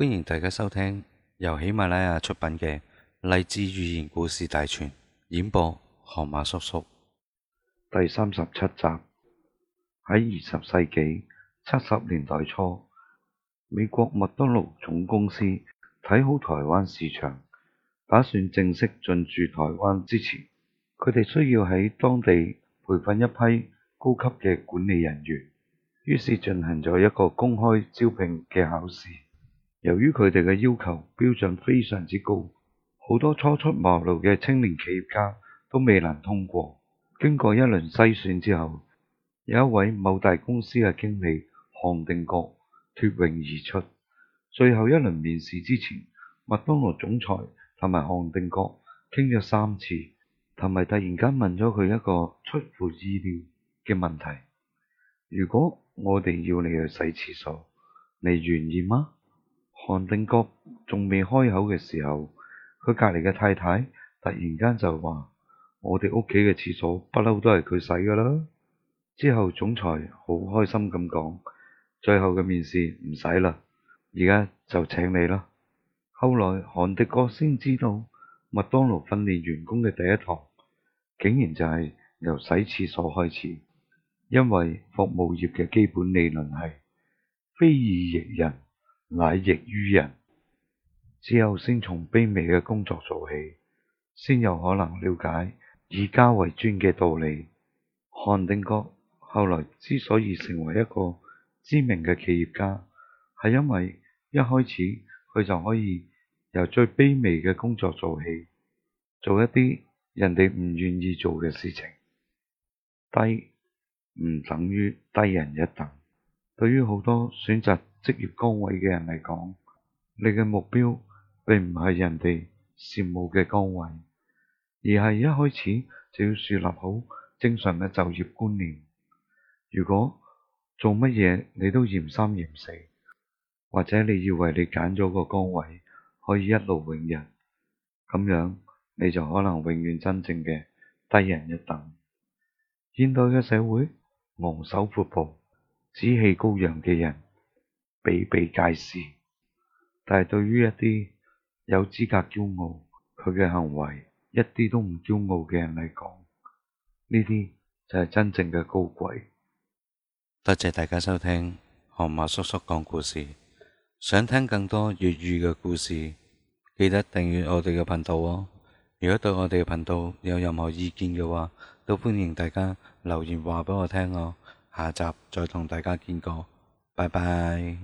歡迎大家收聽由喜馬拉雅出品嘅《勵志寓言故事大全》，演播河馬叔叔，第三十七集。喺二十世紀七十年代初，美國麥當勞總公司睇好台灣市場，打算正式進駐台灣之前，佢哋需要喺當地培訓一批高級嘅管理人員，於是進行咗一個公開招聘嘅考試。由於佢哋嘅要求標準非常之高，好多初出茅廬嘅青年企業家都未能通過。經過一輪篩選之後，有一位某大公司嘅經理韓定國脫穎而出。最後一輪面試之前，麥當勞總裁同埋韓定國傾咗三次，同埋突然間問咗佢一個出乎意料嘅問題：如果我哋要你去洗廁所，你願意嗎？韓定國仲未開口嘅時候，佢隔籬嘅太太突然間就話：我哋屋企嘅廁所不嬲都係佢洗噶啦。之後總裁好開心咁講：最後嘅面試唔使啦，而家就請你啦。後來韓定國先知道，麥當勞訓練員工嘅第一堂，竟然就係由洗廁所開始，因為服務業嘅基本理論係非以役人，乃役於人，只有先從卑微嘅工作做起，先有可能了解以家為尊嘅道理。韓定國後來之所以成為一個知名嘅企業家，係因為一開始佢就可以由最卑微嘅工作做起，做一啲人哋唔願意做嘅事情。低唔等於低人一等，對於好多選擇職業崗位嘅人嚟講，你嘅目標並唔係人哋羨慕嘅崗位，而係一開始就要樹立好正常嘅就業觀念。如果做乜嘢你都嫌三嫌四，或者你以為你揀咗個崗位可以一勞永逸，咁樣你就可能永遠真正嘅低人一等。現代嘅社會昂首闊步、志氣高揚嘅人，比比皆是，但係對於一啲有資格驕傲，佢嘅行為一啲都唔驕傲嘅人嚟講，呢啲就係真正嘅高貴。多謝大家收聽河馬叔叔講故事，想聽更多粵語嘅故事，記得訂閱我哋嘅頻道哦。如果對我哋嘅頻道有任何意見嘅話，都歡迎大家留言話俾我聽哦。下集再同大家見過。拜拜。